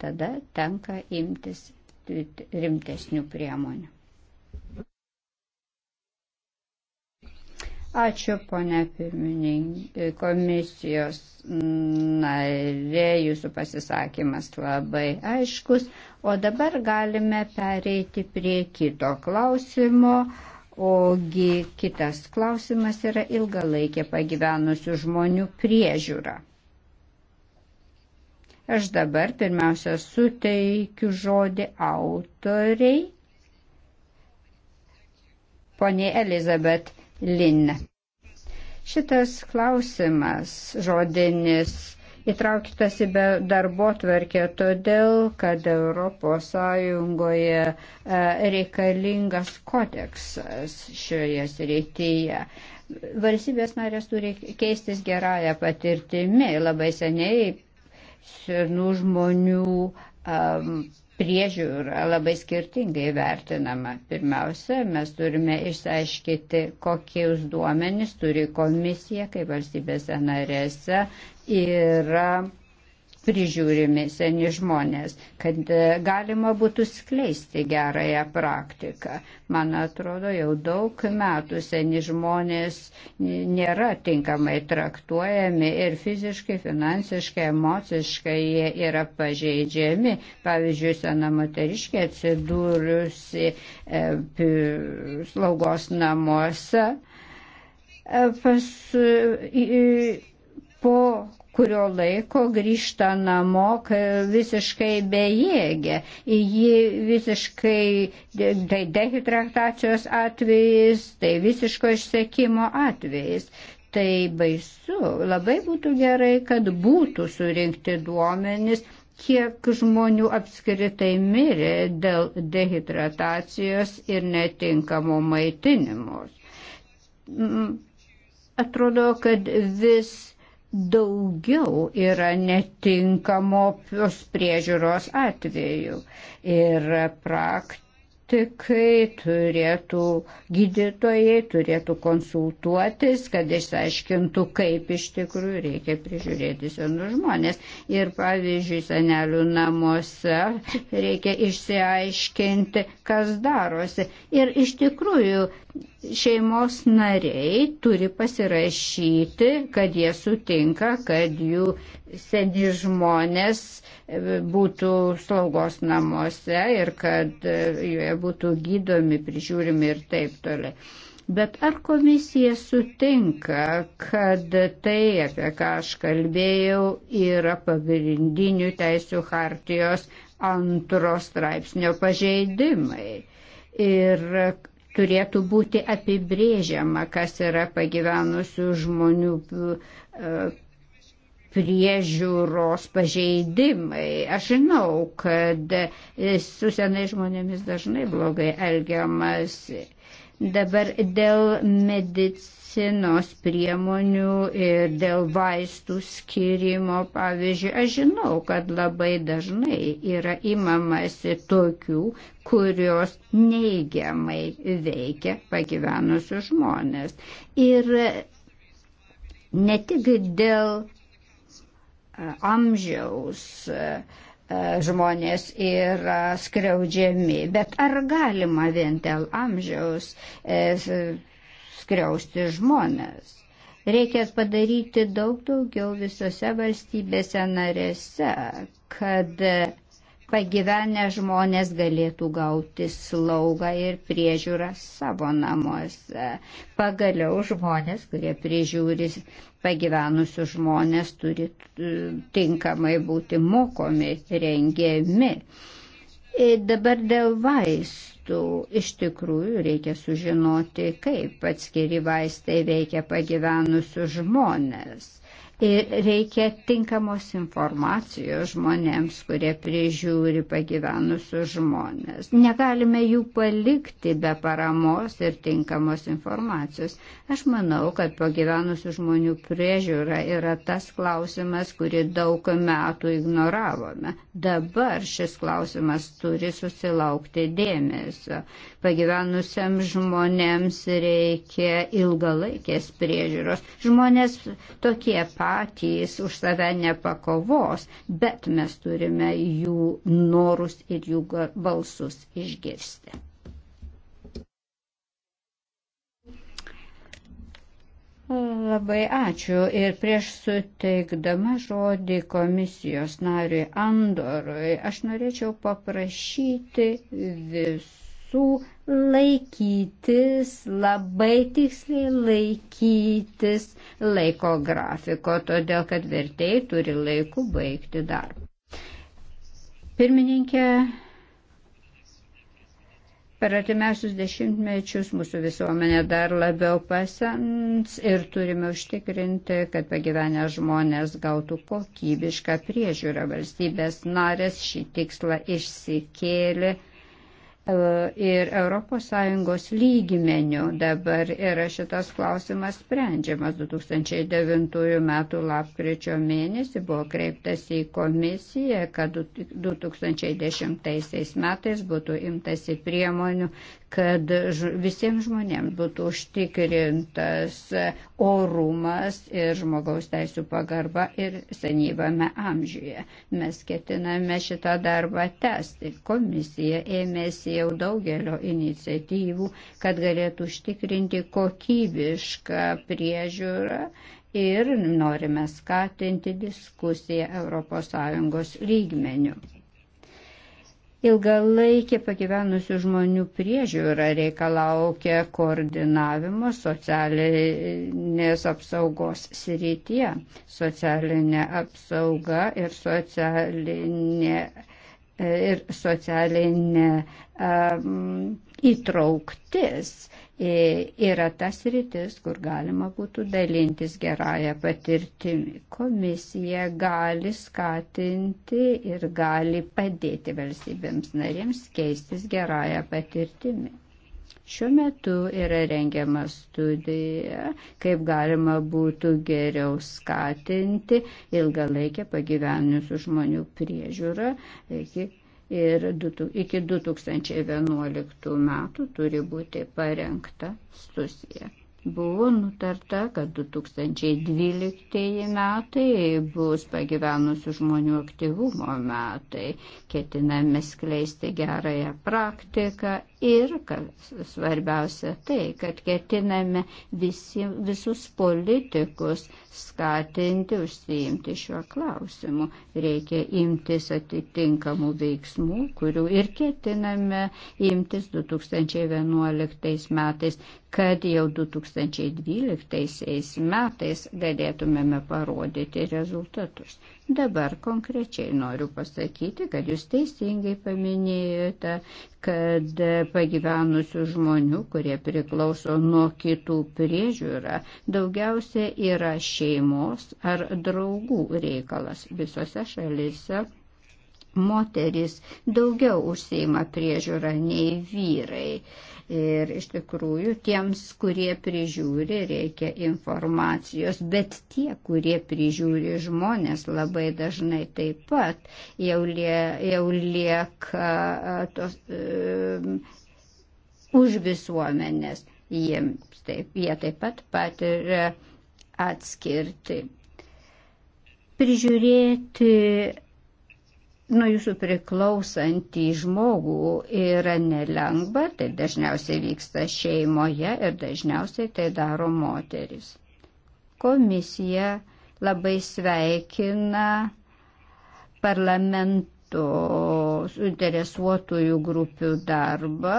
tada tenka imtis rimtesnių priemonių. Ačiū, ponė pirmininkė, komisijos narė, jūsų pasisakymas labai aiškus. O dabar galime pereiti prie kito klausimo. Ogi kitas klausimas yra ilgalaikė pagyvenusių žmonių priežiūra. Aš dabar pirmiausia suteikiu žodį autoriai, poniai Elizabet Lin. Šitas klausimas žodinis įtrauktas į darbo tvarkę todėl, kad ES e, reikalingas kodeksas šioje srityje. Valstybės narės turi keistis gerąją patirtimį. Labai seniai senų žmonių um, priežiūra labai skirtingai vertinama. Pirmiausia, mes turime išsiaiškinti, kokius duomenys turi komisija, kaip valstybėse narėse yra prižiūrimi seni žmonės, kad e, galima būtų skleisti gerąją praktiką. Man atrodo, jau daug metų seni žmonės nėra tinkamai traktuojami ir fiziškai, finansiškai, emociškai jie yra pažeidžiami. Pavyzdžiui, sena moteriškė atsidūrusi e, slaugos namuose. E, pas, e, po kurio laiko grįžta namo visiškai bejėgė. Ji visiškai, tai dehidraktacijos atvejais, tai visiško išsekimo atvejais. Tai baisu. Labai būtų gerai, kad būtų surinkti duomenys, kiek žmonių apskritai mirė dėl dehidratacijos ir netinkamo maitinimos. Atrodo, kad vis daugiau yra netinkamos priežiūros atveju. Ir praktikai turėtų, gydytojai turėtų konsultuotis, kad išsiaiškintų, kaip iš tikrųjų reikia prižiūrėti senus žmonės. Ir pavyzdžiui, senelių namuose reikia išsiaiškinti, kas darosi. Ir iš tikrųjų šeimos nariai turi pasirašyti, kad jie sutinka, kad jų seni žmonės e, būtų slaugos namuose ir kad e, joje būtų gydomi, prižiūrimi ir taip toliau. Bet ar komisija sutinka, kad tai, apie ką aš kalbėjau, yra pagrindinių teisų hartijos antros straipsnio pažeidimai? Ir turėtų būti apibrėžiama, kas yra pagyvenusių žmonių e, priežiūros pažeidimai. Aš žinau, kad su senai žmonėmis dažnai blogai elgiamas. Dabar dėl medicinos medicinos priemonių ir dėl vaistų skirimo. Pavyzdžiui, aš žinau, kad labai dažnai yra imamasi tokių, kurios neigiamai veikia pagyvenusius žmonės. Ir ne tik dėl e, amžiaus e, e, žmonės yra skriaudžiami, bet ar galima vien dėl amžiaus skriausti žmonės. Reikės padaryti daug daugiau visose valstybėse narėse, kad pagyvenę žmonės galėtų gauti slaugą ir priežiūrą savo namuose. Pagaliau žmonės, kurie priežiūri pagyvenusių žmonės, turi e, tinkamai būti mokomi, rengiami. Ir e, dabar dėl vaistų vaistų iš tikrųjų reikia sužinoti, kaip atskiri vaistai veikia pagyvenusius žmonės. Ir reikia tinkamos informacijos žmonėms, kurie prižiūri pagyvenusius žmonės. Negalime jų palikti be paramos ir tinkamos informacijos. Aš manau, kad pagyvenusių žmonių priežiūra yra tas klausimas, kurį daug metų ignoravome. Dabar šis klausimas turi susilaukti dėmesio. Pagyvenusiems žmonėms reikia ilgalaikės priežiūros. Žmonės tokie patys patys už save nepakovos, bet mes turime jų norus ir jų balsus išgirsti. Labai ačiū ir prieš suteikdama žodį komisijos nariui Andorui, aš norėčiau paprašyti visų laikytis, labai tiksliai laikytis laiko grafiko, todėl kad vertėjai turi laiku baigti darbą. Pirmininkė, per atimiausius dešimtmečius mūsų visuomenė dar labiau pasens ir turime užtikrinti, kad pagyvenę žmonės gautų kokybišką priežiūrą. Valstybės narės šį tikslą išsikėlė E, ir ES lygmenių dabar yra šitas klausimas sprendžiamas. 2009 m. lapkričio mėnesį buvo kreiptas į komisiją, kad 2010 metais būtų imtasi priemonių, kad visiems žmonėms būtų užtikrintas orumas ir žmogaus teisų pagarba ir senyvame amžiuje. Mes ketiname šitą darbą tęsti. Komisija ėmėsi jau daugelio iniciatyvų, kad galėtų užtikrinti kokybišką priežiūrą ir norime skatinti diskusiją ES lygmenių. Ilgalaikė pagyvenusių žmonių priežiūra reikalaukia koordinavimo socialinės apsaugos srityje. Socialinė apsauga ir socialinė ir socialinė um, įtrauktis yra tas rytis, kur galima būtų dalintis gerąją patirtimį. Komisija gali skatinti ir gali padėti valstybėms narėms keistis gerąją patirtimį. Šiuo metu yra rengiama studija, kaip galima būtų geriau skatinti ilgalaikę pagyvenusių žmonių priežiūrą iki, ir, iki 2011 metų turi būti parengta studija. Buvo nutarta, kad 2012 metai bus pagyvenusių žmonių aktyvumo metai. Ketiname skleisti gerąją praktiką Ir, kas svarbiausia, tai, kad ketiname visi, visus politikus skatinti užsiimti šiuo klausimu. Reikia imtis atitinkamų veiksmų, kurių ir ketiname imtis 2011 metais, kad jau 2012 metais galėtumėme parodyti rezultatus. Dabar konkrečiai noriu pasakyti, kad jūs teisingai paminėjote, kad pagyvenusių žmonių, kurie priklauso nuo kitų priežiūra, daugiausia yra šeimos ar draugų reikalas visose šalise moteris daugiau užseima priežiūrą nei vyrai. Ir iš tikrųjų tiems, kurie prižiūri, reikia informacijos, bet tie, kurie prižiūri žmonės, labai dažnai taip pat jau, lie, jau lieka tos, um, už visuomenės. Jiems taip, jie taip pat patiria atskirti. Prižiūrėti nuo jūsų priklausantį žmogų yra nelengva, tai dažniausiai vyksta šeimoje ir dažniausiai tai daro moteris. Komisija labai sveikina parlamento suinteresuotųjų grupių darbą,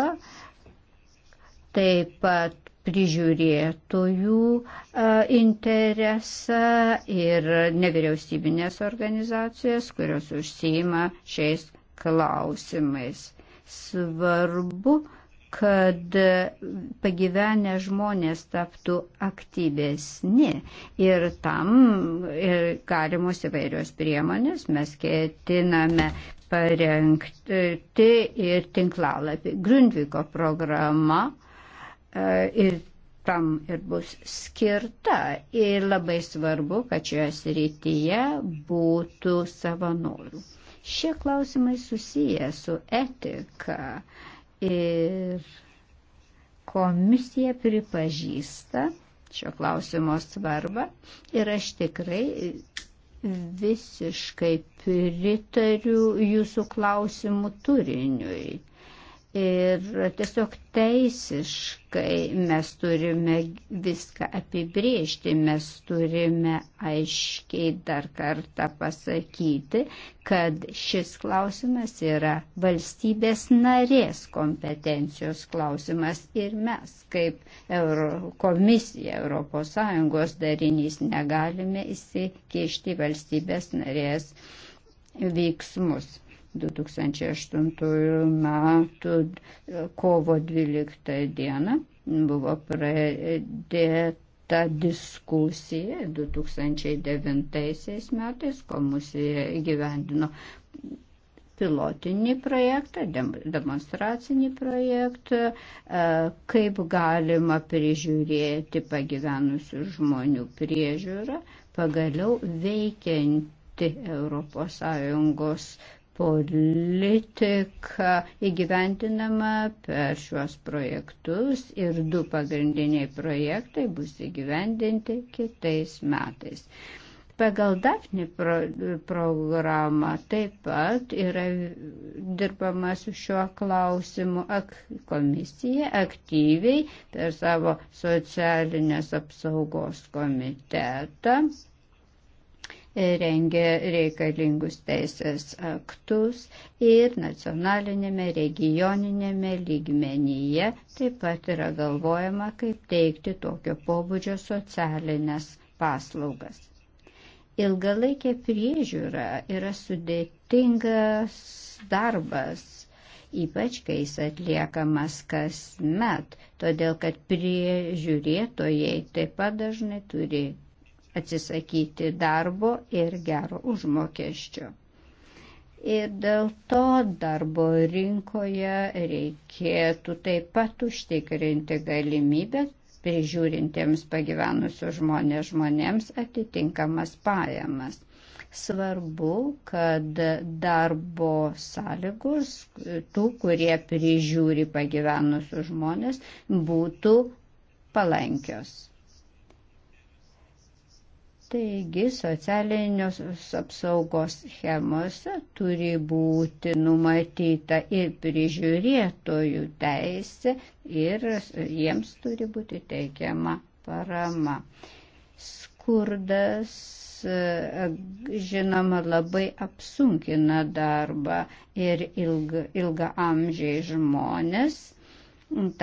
taip pat prižiūrėtojų e, interesą ir nevyriausybinės organizacijas, kurios užsima šiais klausimais. Svarbu, kad pagyvenę žmonės taptų aktyvesni ir tam ir galimus įvairios priemonės mes ketiname parengti ir tinklalapį. Grundviko programa E, ir tam ir bus skirta. Ir labai svarbu, kad šioje srityje būtų savanorių. Šie klausimai susiję su etika ir komisija pripažįsta šio klausimo svarbą ir aš tikrai visiškai pritariu jūsų klausimų turiniui. Ir tiesiog teisiškai mes turime viską apibriežti, mes turime aiškiai dar kartą pasakyti, kad šis klausimas yra valstybės narės kompetencijos klausimas ir mes kaip Euro komisija ES darinys negalime įsikišti valstybės narės veiksmus. 2008 metų kovo 12 dieną buvo pradėta diskusija 2009 metais komisija įgyvendino pilotinį projektą, demonstracinį projektą, e, kaip galima prižiūrėti pagyvenusių žmonių priežiūrą, pagaliau veikianti ES politika įgyventinama per šiuos projektus ir du pagrindiniai projektai bus įgyvendinti kitais metais. Pagal DAFNI pro, programą taip pat yra dirbama su šiuo klausimu. Ak, komisija aktyviai per savo socialinės apsaugos komitetą rengia reikalingus teisės aktus ir nacionalinėme, regioninėme lygmenyje taip pat yra galvojama, kaip teikti tokio pobūdžio socialinės paslaugas. Ilgalaikė priežiūra yra sudėtingas darbas, ypač kai jis atliekamas kasmet, todėl kad priežiūrėtojai taip pat dažnai turi atsisakyti darbo ir gero užmokesčio. Ir dėl to darbo rinkoje reikėtų taip pat užtikrinti galimybę prižiūrintiems pagyvenusius žmonės žmonėms atitinkamas pajamas. Svarbu, kad darbo sąlygos tų, kurie prižiūri pagyvenusius žmonės, būtų palankios Taigi socialinios apsaugos schemose turi būti numatyta ir prižiūrėtojų teisė ir jiems turi būti teikiama parama. Skurdas, žinoma, labai apsunkina darbą ir ilga, ilga amžiai žmonės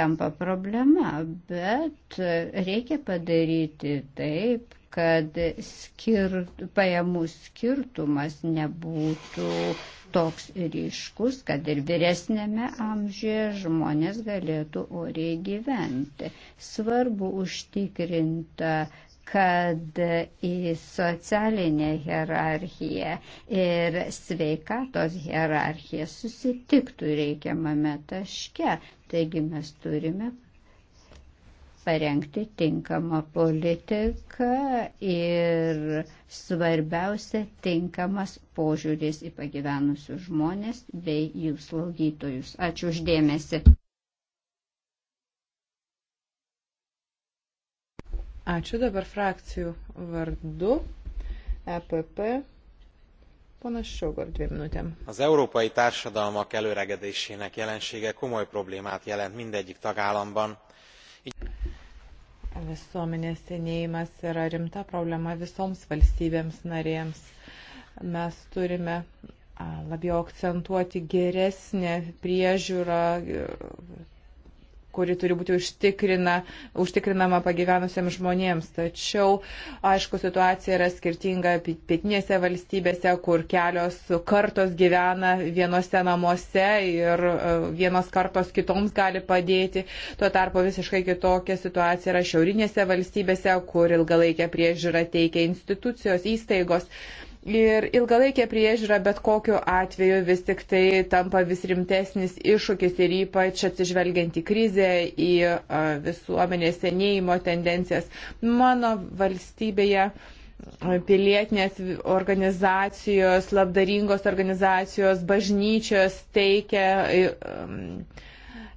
tampa problema, bet reikia padaryti taip, kad skir, pajamų skirtumas nebūtų toks ryškus, kad ir vyresnėme amžiuje žmonės galėtų oriai gyventi. Svarbu užtikrinta kad į socialinę hierarchiją ir sveikatos hierarchiją susitiktų reikiamame taške. Taigi mes turime parengti tinkamą politiką ir svarbiausia tinkamas požiūris į pagyvenusius žmonės bei jų slaugytojus. Ačiū uždėmesi. Ačiū dabar frakcijų vardu. EPP. Ponas Sogor, dviem minutėm. Az európai társadalmak előregedésének jelensége komoly problémát jelent mindegyik tagállamban. Visuomenės senėjimas yra rimta problema visoms valstybėms narėms. Mes turime labiau akcentuoti geresnę priežiūrą kuri turi būti užtikrina, užtikrinama pagyvenusiems žmonėms. Tačiau, aišku, situacija yra skirtinga pietinėse valstybėse, kur kelios kartos gyvena vienose namuose ir e, vienos kartos kitoms gali padėti. Tuo tarpu visiškai kitokia situacija yra šiaurinėse valstybėse, kur ilgalaikę priežiūrą teikia institucijos, įstaigos. Ir ilgalaikė priežiūra bet kokiu atveju vis tik tai tampa vis rimtesnis iššūkis ir ypač atsižvelgiant į krizę, į visuomenės senėjimo tendencijas. Mano valstybėje pilietinės organizacijos, labdaringos organizacijos, bažnyčios teikia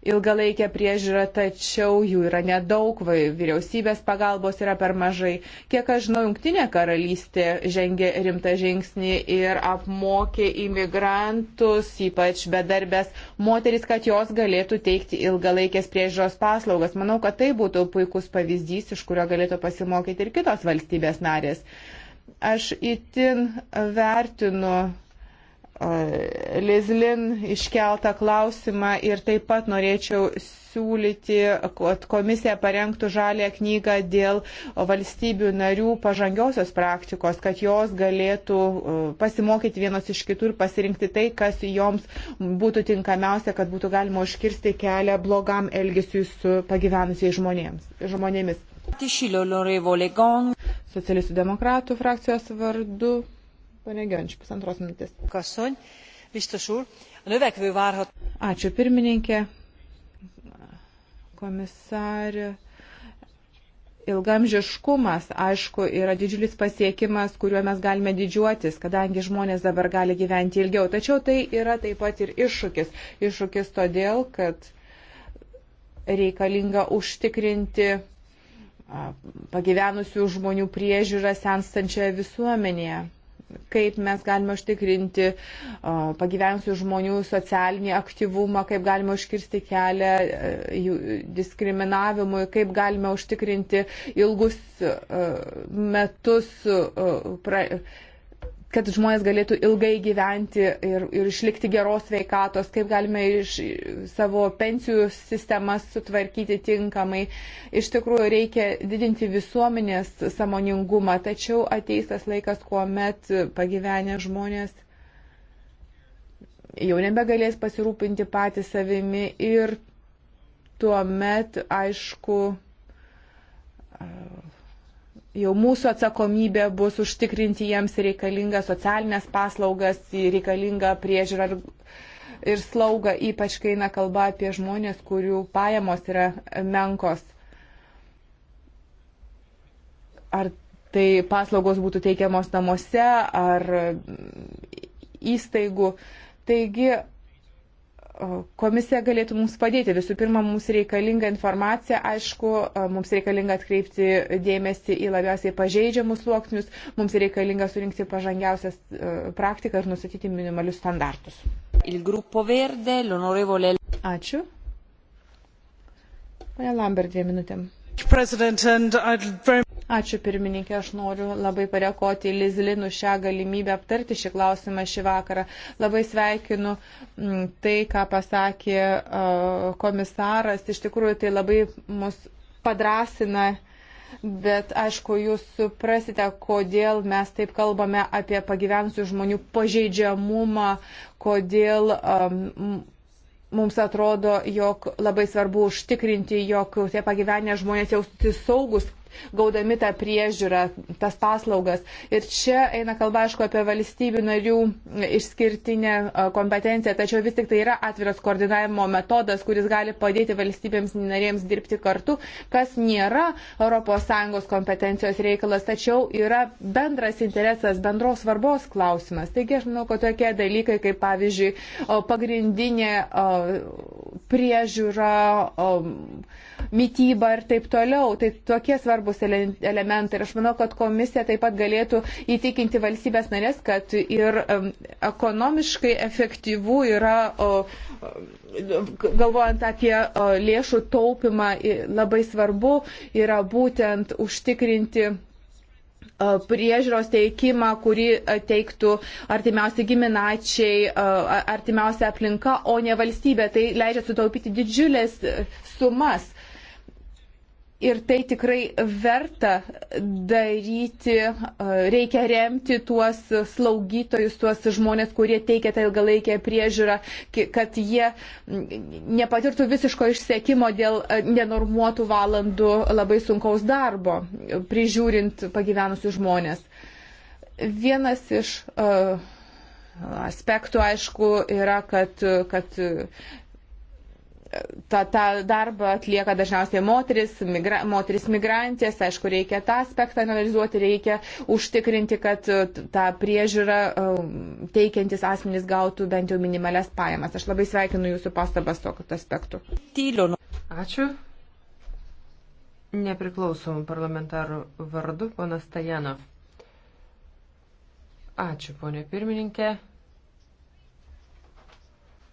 ilgalaikę priežiūrą, tačiau jų yra nedaug, vyriausybės pagalbos yra per mažai. Kiek aš žinau, Junktinė karalystė žengė rimtą žingsnį ir apmokė imigrantus, ypač bedarbės moteris, kad jos galėtų teikti ilgalaikės priežiūros paslaugas. Manau, kad tai būtų puikus pavyzdys, iš kurio galėtų pasimokyti ir kitos valstybės narės. Aš itin vertinu Lizlin iškeltą klausimą ir taip pat norėčiau siūlyti, kad komisija parengtų žalę knygą dėl valstybių narių pažangiosios praktikos, kad jos galėtų e, pasimokyti vienos iš kitų ir pasirinkti tai, kas joms būtų tinkamiausia, kad būtų galima užkirsti kelią blogam elgesiu su pagyvenusiais žmonėmis. Socialistų demokratų frakcijos vardu Pane Gionč, pusantros minutės. Kasonė, biztos úr, a növekvő várhat. Ačiū pirmininkė, komisarė ilgamžiškumas, aišku, yra didžiulis pasiekimas, kuriuo mes galime didžiuotis, kadangi žmonės dabar gali gyventi ilgiau. Tačiau tai yra taip pat ir iššūkis. Iššūkis todėl, kad reikalinga užtikrinti pagyvenusių žmonių priežiūrą senstančioje visuomenėje kaip mes galime užtikrinti pagyvensių žmonių socialinį aktyvumą, kaip galime užkirsti kelią jų diskriminavimui, kaip galime užtikrinti ilgus metus pra, kad žmonės galėtų ilgai gyventi ir, ir išlikti geros veikatos, kaip galime iš savo pensijų sistemas sutvarkyti tinkamai. Iš tikrųjų, reikia didinti visuomenės samoningumą, tačiau ateis tas laikas, kuomet pagyvenę žmonės jau nebegalės pasirūpinti patys savimi ir tuomet, aišku, jau mūsų atsakomybė bus užtikrinti jiems reikalingą socialinės paslaugas, reikalingą priežiūrą ir slaugą, ypač kai eina kalba apie žmonės, kurių pajamos yra menkos. Ar tai paslaugos būtų teikiamos namuose ar įstaigų. Taigi Komisija galėtų mums padėti. Visų pirma, mums reikalinga informacija, aišku, mums reikalinga atkreipti dėmesį į labiausiai pažeidžiamus sluoksnius, mums reikalinga surinkti pažangiausias e, praktiką ir nustatyti minimalius standartus. Verde, Ačiū. Pane Lambert, dviem minutėm. Ačiū pirmininkė, aš noriu labai parekoti Lizlinu šią galimybę aptarti šį klausimą šį vakarą. Labai sveikinu mm, tai, ką pasakė komisaras. Iš tikrųjų, tai labai mus padrasina Bet aišku, jūs suprasite, kodėl mes taip kalbame apie pagyvenusių žmonių pažeidžiamumą, kodėl um, mums atrodo, jog labai svarbu užtikrinti, jog tie pagyvenę žmonės jaustųsi saugus gaudami tą priežiūrą, tas paslaugas. Ir čia eina kalba, aišku, apie valstybių narių išskirtinę kompetenciją, tačiau vis tik tai yra atviras koordinavimo metodas, kuris gali padėti valstybėms narėms dirbti kartu, kas nėra ES kompetencijos reikalas, tačiau yra bendras interesas, bendros svarbos klausimas. Taigi aš manau, kad tokie dalykai, kaip pavyzdžiui, pagrindinė priežiūra, mytyba ir taip toliau, tai tokie svarbus svarbus elementai. Ir aš manau, kad komisija taip pat galėtų įtikinti valstybės narės, kad ir ekonomiškai efektyvų yra, galvojant apie lėšų taupimą, labai svarbu yra būtent užtikrinti priežiūros teikimą, kurį e, teiktų artimiausi giminačiai, artimiausia aplinka, o ne valstybė. Tai leidžia sutaupyti didžiulės e, sumas. Ir tai tikrai verta daryti, e, reikia remti tuos slaugytojus, tuos žmonės, kurie teikia tą ilgalaikę priežiūrą, kad jie nepatirtų visiško išsiekimo dėl e, nenormuotų valandų labai sunkaus darbo, prižiūrint pagyvenusius žmonės. Vienas iš e, aspektų, aišku, yra, kad, kad tą, tą darbą atlieka dažniausiai moteris, migra, moteris migrantės, aišku, reikia tą aspektą analizuoti, reikia užtikrinti, kad tą priežiūrą um, teikiantis asmenys gautų bent jau minimales pajamas. Aš labai sveikinu jūsų pastabas tokiu aspektu. Tyliu. Ačiū. Nepriklausomų parlamentarų vardu, ponas Tajanov. Ačiū, ponė pirmininkė.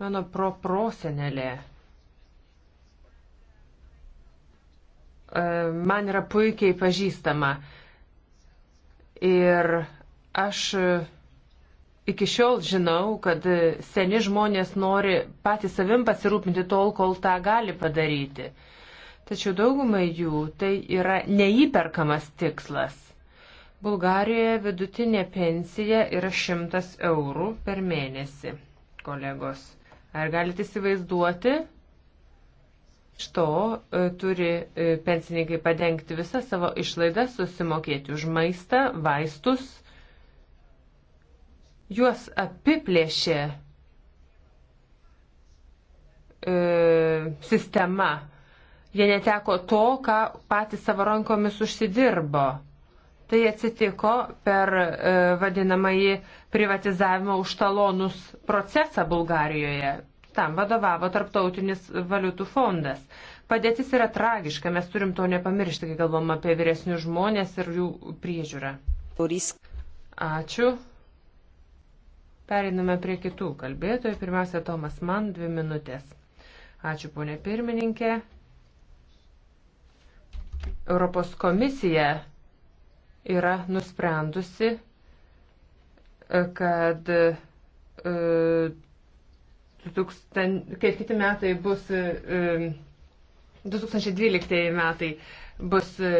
Mano proprosenelė man yra puikiai pažįstama. Ir aš iki šiol žinau, kad seni žmonės nori patys savim pasirūpinti tol, kol tą gali padaryti. Tačiau daugumai jų tai yra neįperkamas tikslas. Bulgarijoje vidutinė pensija yra 100 eurų per mėnesį, kolegos. Ar galite įsivaizduoti, Iš to e, turi e, pensininkai padengti visas savo išlaidas, susimokėti už maistą, vaistus. Juos apiplėšė e, sistema. Jie neteko to, ką patys savo rankomis užsidirbo. Tai atsitiko per e, vadinamąjį privatizavimo už talonus procesą Bulgarijoje. Tam vadovavo Tarptautinis valiutų fondas. Padėtis yra tragiška, mes turim to nepamiršti, kai galvom apie vyresnius žmonės ir jų priežiūrą. Ačiū. Periname prie kitų kalbėtojų. Pirmiausia, Tomas Man, dvi minutės. Ačiū, ponė pirmininkė. Europos komisija yra nusprendusi, kad e, kai kiti metai bus, 2012 e, e, metai bus e,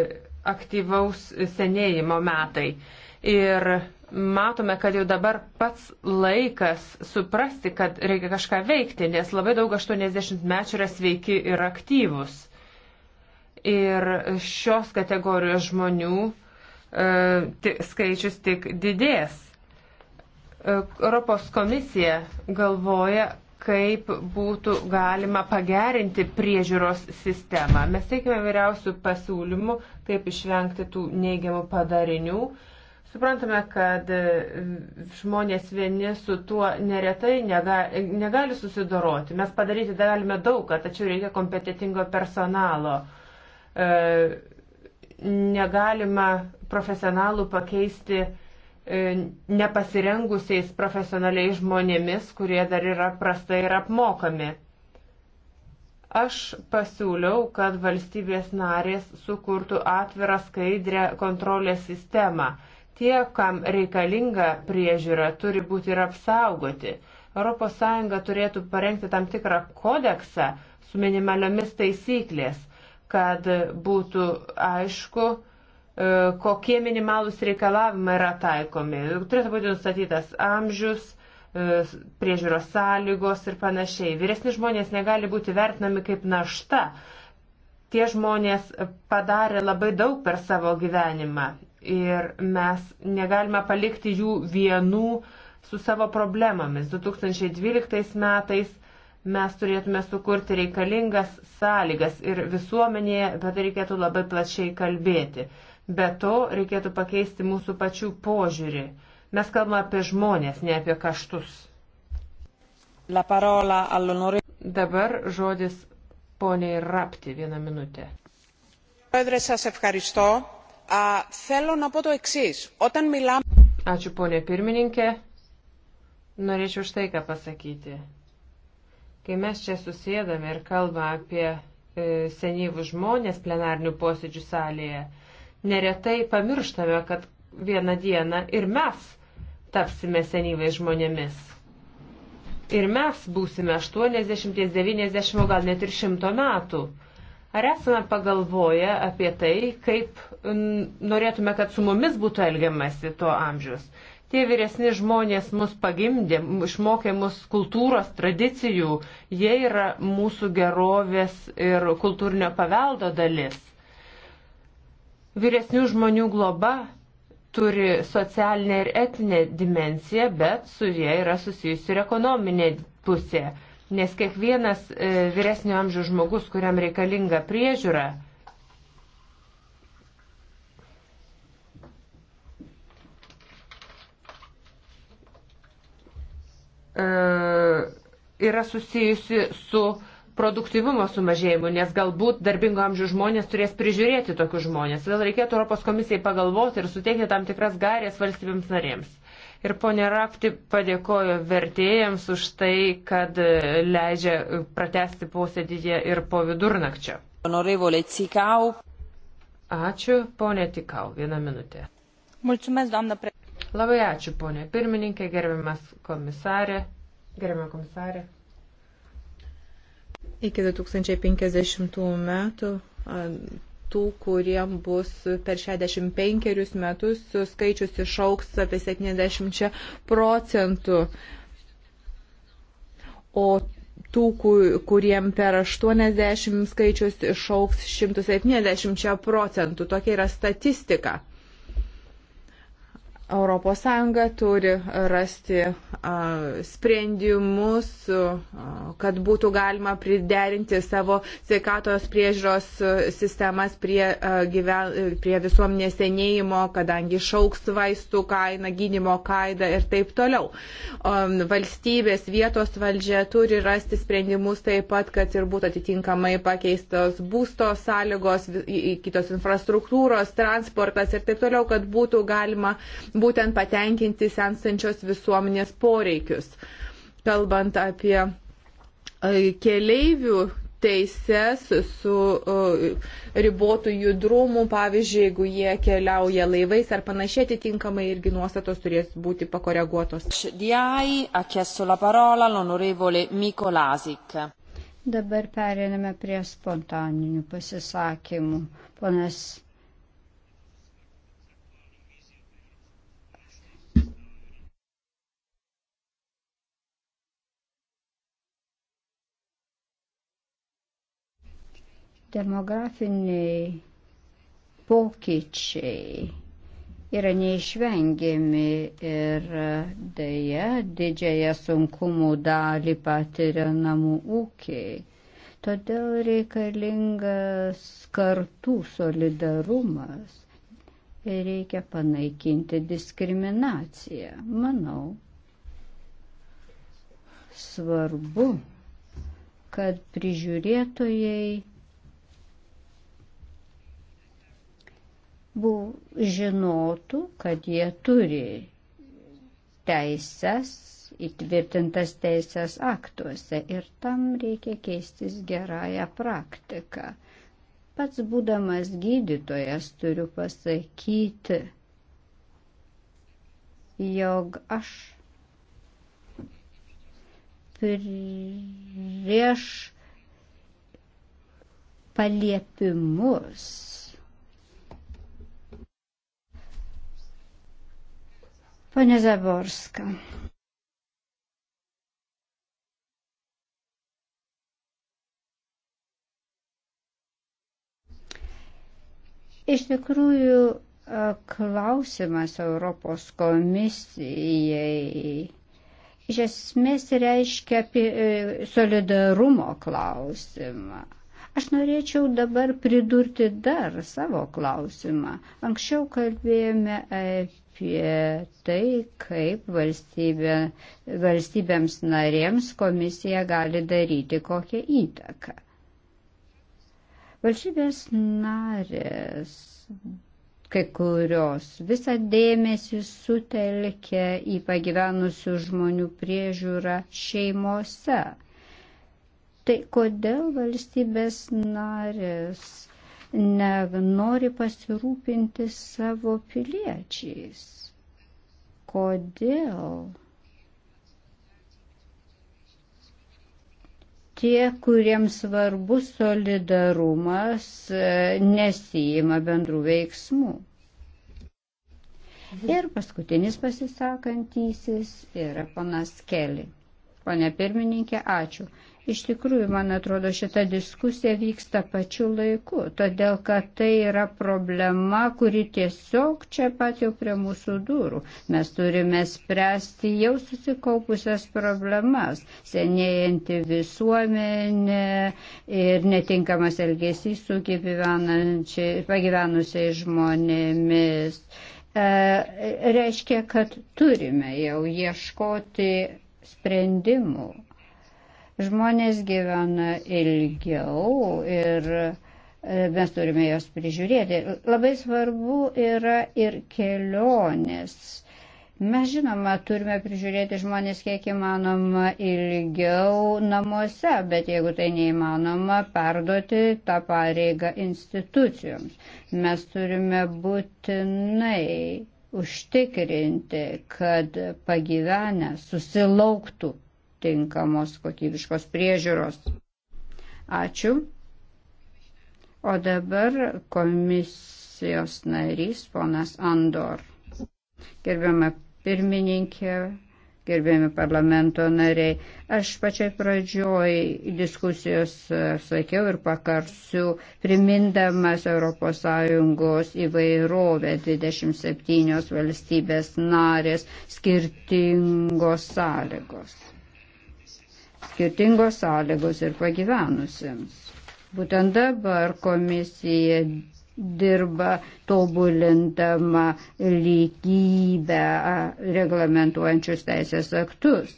aktyvaus senėjimo metai. Ir matome, kad jau dabar pats laikas suprasti, kad reikia kažką veikti, nes labai daug 80-mečių yra sveiki ir aktyvus. Ir šios kategorijos žmonių e, skaičius tik didės. Europos komisija galvoja, kaip būtų galima pagerinti priežiūros sistemą. Mes teikime vyriausių pasiūlymų, kaip išvengti tų neigiamų padarinių. Suprantame, kad e, žmonės vieni su tuo neretai negali, negali susidoroti. Mes padaryti galime daug, tačiau reikia kompetitingo personalo. E, negalima profesionalų pakeisti E, nepasirengusiais profesionaliais žmonėmis, kurie dar yra prastai ir apmokami. Aš pasiūliau, kad valstybės narės sukurtų atvirą skaidrę kontrolės sistemą. Tie, kam reikalinga priežiūra, turi būti ir apsaugoti. ES turėtų parengti tam tikrą kodeksą su minimaliomis taisyklės, kad būtų aišku, E, kokie minimalūs reikalavimai yra taikomi. Turėtų būti nustatytas amžius, e, priežiūros sąlygos ir panašiai. Vyresni žmonės negali būti vertinami kaip našta. Tie žmonės padarė labai daug per savo gyvenimą ir mes negalime palikti jų vienų su savo problemomis. 2012 metais mes turėtume sukurti reikalingas sąlygas ir visuomenėje, bet tai reikėtų labai plačiai kalbėti. Be to reikėtų pakeisti mūsų pačių požiūrį. Mes kalbame apie žmonės, ne apie kaštus. Dabar žodis poniai Rapti vieną minutę. Ačiū ponė pirmininkė. Norėčiau štai ką pasakyti. Kai mes čia susėdame ir kalbame apie e, senyvų žmonės plenarnių posėdžių salėje, neretai pamirštame, kad vieną dieną ir mes tapsime senyvai žmonėmis. Ir mes būsime 80, 90, o gal net ir 100 metų. Ar esame pagalvoję apie tai, kaip norėtume, kad su mumis būtų elgiamasi tuo amžius? Tie vyresni žmonės mus pagimdė, išmokė mus kultūros, tradicijų, jie yra mūsų gerovės ir kultūrinio paveldo dalis. Vyresnių žmonių globa turi socialinę ir etinę dimenciją, bet su jie yra susijusi ir ekonominė pusė, nes kiekvienas e, vyresnio amžiaus žmogus, kuriam reikalinga priežiūra, E, yra susijusi su produktivumo sumažėjimu, nes galbūt darbingo amžiaus žmonės turės prižiūrėti tokius žmonės. Todėl reikėtų Europos komisijai pagalvoti ir suteikti tam tikras garės valstybėms narėms. Ir ponė Rapti padėkojo vertėjams už tai, kad e, leidžia pratesti posėdyje ir po vidurnakčio. Ačiū, ponė Tikau, vieną minutę. Mulțumesc, doamnă președinte. Labai ačiū, ponė pirmininkė, gerbiamas komisarė. Gerbiamą komisarę. Iki 2050 metų tų, kuriem bus per 65 metus skaičius išauks apie 70 procentų. O tų, kuriem per 80 skaičius išauks 170 procentų. Tokia yra statistika. ES turi rasti sprendimus, kad būtų galima priderinti savo sveikatos priežiūros sistemas prie, gyven, prie visuomenės senėjimo, kadangi šauks vaistų kaina, gynimo kaina ir taip toliau. Valstybės vietos valdžia turi rasti sprendimus taip pat, kad ir būtų atitinkamai pakeistos būsto sąlygos, kitos infrastruktūros, transportas ir taip toliau, kad būtų galima būtent patenkinti senstančios visuomenės poreikius. Kalbant apie e, keleivių teises su e, ribotų judrumu, pavyzdžiui, jeigu jie keliauja laivais ar panašiai, atitinkamai irgi nuostatos turės būti pakoreguotos. Dabar perėmėme prie spontaninių pasisakymų. Ponas Demografiniai pokyčiai yra neišvengiami ir e, dėja didžiąją sunkumų dalį patiria namų ūkiai. Todėl reikalingas kartų solidarumas ir reikia panaikinti diskriminaciją. Manau, svarbu, kad prižiūrėtojai buvo žinotų, kad jie turi teisės, įtvirtintas teisės aktuose ir tam reikia keistis gerąją praktiką. Pats būdamas gydytojas turiu pasakyti, jog aš prieš paliepimus Panie Zaborska. Iš tikrųjų, e, klausimas Europos komisijai iš esmės reiškia apie e, solidarumo klausimą. Aš norėčiau dabar pridurti dar savo klausimą. Anksčiau kalbėjome apie apie tai, kaip valstybė, valstybėms narėms komisija gali daryti kokią įtaką. Valstybės narės kai kurios visą dėmesį sutelkia į pagyvenusių žmonių priežiūrą šeimose. Tai kodėl valstybės narės nenori pasirūpinti savo piliečiais. Kodėl? Tie, kuriems svarbus solidarumas, e, nesijima bendrų veiksmų. Ir paskutinis pasisakantysis yra panas Keli. Pone pirmininkė, ačiū. Iš tikrųjų, man atrodo, šita diskusija vyksta pačiu laiku, todėl kad tai yra problema, kuri tiesiog čia pat jau prie mūsų durų. Mes turime spręsti jau susikaupusias problemas - senėjanti visuomenė ir netinkamas elgesys su pagyvenusiais žmonėmis. E, reiškia, kad turime jau ieškoti sprendimų. Žmonės gyvena ilgiau ir e, mes turime jos prižiūrėti. Labai svarbu yra ir kelionės. Mes žinoma, turime prižiūrėti žmonės kiek įmanoma ilgiau namuose, bet jeigu tai neįmanoma, perduoti tą pareigą institucijoms. Mes turime būtinai užtikrinti, kad pagyvenę susilauktų tinkamos kokybiškos priežiūros. Ačiū. O dabar komisijos narys ponas Andor. Gerbiama pirmininkė, gerbėjami parlamento nariai. Aš pačiai pradžioj diskusijos e, sakiau ir pakarsiu, primindamas ES įvairovę 27 valstybės narės skirtingos sąlygos. Skirtingos sąlygos ir pagyvenusiems. Būtent dabar komisija dirba tobulintama lygybę reglamentuojančius teisės aktus.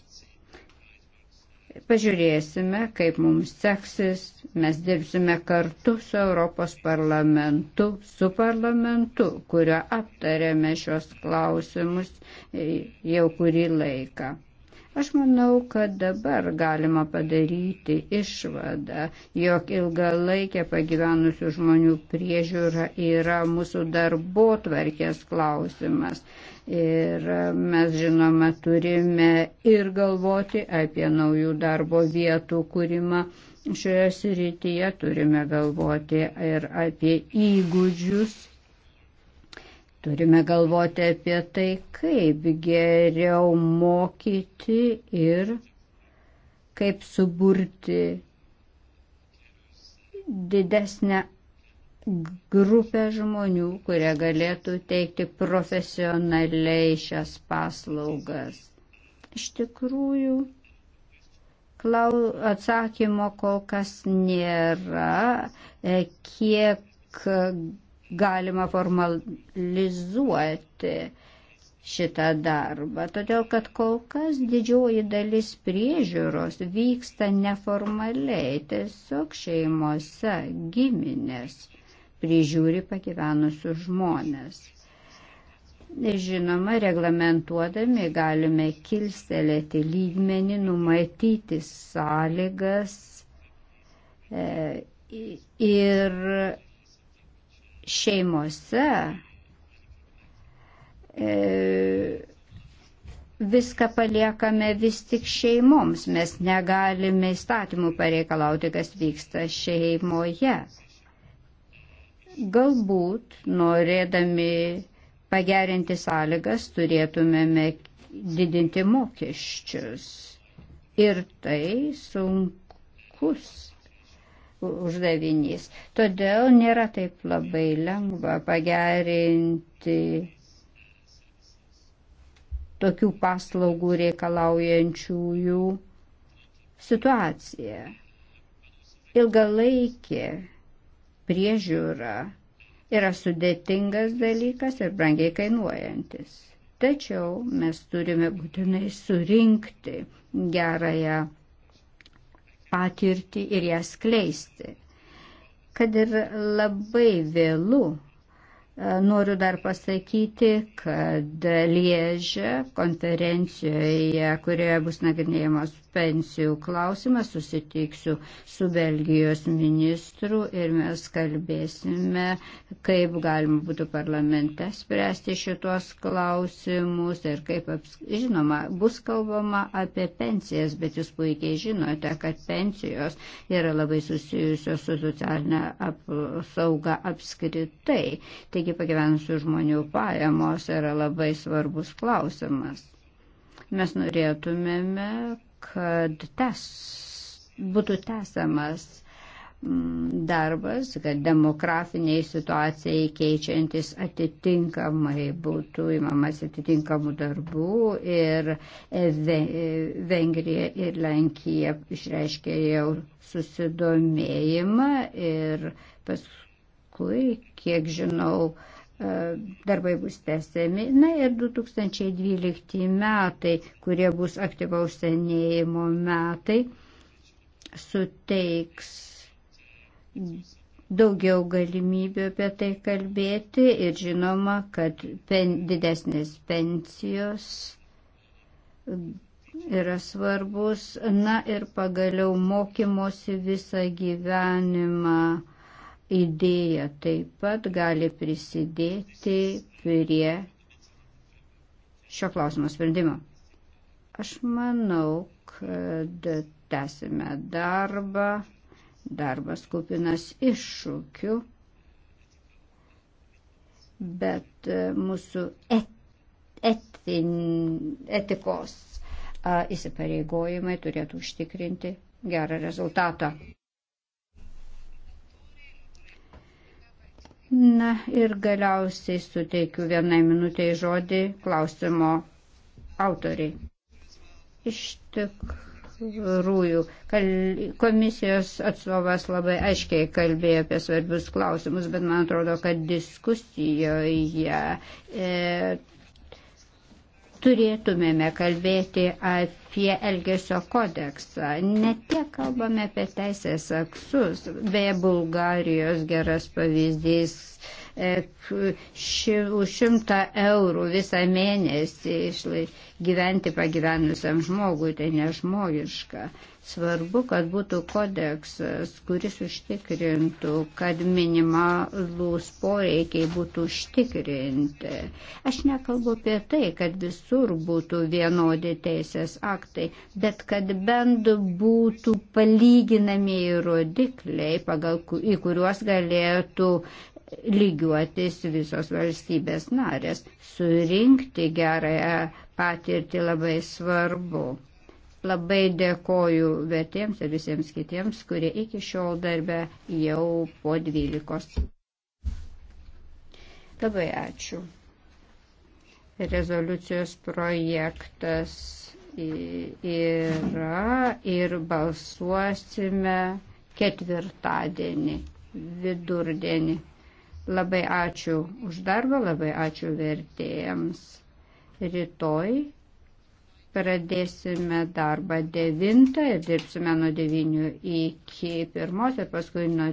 Pažiūrėsime, kaip mums seksis. Mes dirbsime kartu su Europos parlamentu, su parlamentu, kurio aptarėme šios klausimus jau kurį laiką. Aš manau, kad dabar galima padaryti išvadą, jog ilgalaikė pagyvenusių žmonių priežiūra yra mūsų darbo tvarkės klausimas. Ir mes, žinoma, turime ir galvoti apie naujų darbo vietų kūrimą. Šioje srityje turime galvoti ir apie įgūdžius Turime galvoti apie tai, kaip geriau mokyti ir kaip suburti didesnę grupę žmonių, kurie galėtų teikti profesionaliai šias paslaugas. Iš tikrųjų, klau, atsakymo kol kas nėra, e, kiek galima formalizuoti šitą darbą, todėl kad kol kas didžioji dalis priežiūros vyksta neformaliai, tiesiog šeimose giminės prižiūri pagyvenusius žmonės. Žinoma, reglamentuodami galime kilstelėti lygmenį, numatyti sąlygas e, ir šeimose e, viską paliekame vis tik šeimoms. Mes negalime įstatymų pareikalauti, kas vyksta šeimoje. Galbūt, norėdami pagerinti sąlygas, turėtumėme didinti mokesčius. Ir tai sunkus uždavinys. Todėl nėra taip labai lengva pagerinti tokių paslaugų reikalaujančiųjų situaciją. Ilgalaikė priežiūra yra sudėtingas dalykas ir brangiai kainuojantis. Tačiau mes turime būtinai surinkti gerąją patirtį ir ją skleisti. Kad ir labai vėlų E, noriu dar pasakyti, kad Liežė konferencijoje, kurioje bus nagrinėjamas pensijų klausimas, susitiksiu su Belgijos ministru ir mes kalbėsime, kaip galima būtų parlamente spręsti šitos klausimus ir kaip, aps... žinoma, bus kalbama apie pensijas, bet jūs puikiai žinote, kad pensijos yra labai susijusios su socialinė apsauga apskritai. Taigi, Taigi pagyvenusių žmonių pajamos yra labai svarbus klausimas. Mes norėtumėme, kad tes, būtų tęsiamas mm, darbas, kad demografiniai situacijai keičiantis atitinkamai būtų įmamas atitinkamų darbų ir Vengrija ir Lenkija išreiškė jau susidomėjimą ir paskui paskui, kiek žinau, e, darbai bus tęsiami. Na ir 2012 metai, kurie bus aktyvaus senėjimo metai, suteiks daugiau galimybių apie tai kalbėti ir žinoma, kad pen, didesnės pensijos yra svarbus. Na ir pagaliau mokymosi visą gyvenimą idėja taip pat gali prisidėti prie šio klausimo sprendimo. Aš manau, kad tęsime darbą, darbas kupinas iššūkių, bet e, mūsų et, etin, etikos įsipareigojimai turėtų užtikrinti gerą rezultatą. Na ir galiausiai suteikiu vienai minutėjai žodį klausimo autoriai. Iš tikrųjų, komisijos atstovas labai aiškiai kalbėjo apie svarbius klausimus, bet man atrodo, kad diskusijoje e, turėtumėme kalbėti apie Elgesio kodeksą. Ne tiek kalbame apie teisės aksus, beje, Bulgarijos geras pavyzdys E, ši, už šimtą eurų visą mėnesį išlai, gyventi pagyvenusiam žmogui, tai nežmogiška. Svarbu, kad būtų kodeksas, kuris užtikrintų, kad minimalūs poreikiai būtų užtikrinti. Aš nekalbu apie tai, kad visur būtų vienodi teisės aktai, bet kad bent būtų palyginamieji rodikliai, pagal, į kuriuos galėtų lygiuotis visos valstybės narės. Surinkti gerąją patirtį labai svarbu. Labai dėkoju vietiems ir visiems kitiems, kurie iki šiol darbė jau po dvylikos. Labai ačiū. Rezoliucijos projektas yra ir balsuosime ketvirtadienį, vidurdienį. Labai ačiū už darbą, labai ačiū vertėjams. Rytoj pradėsime darbą 9 ir dirbsime nuo 9 iki 1 ir paskui nuo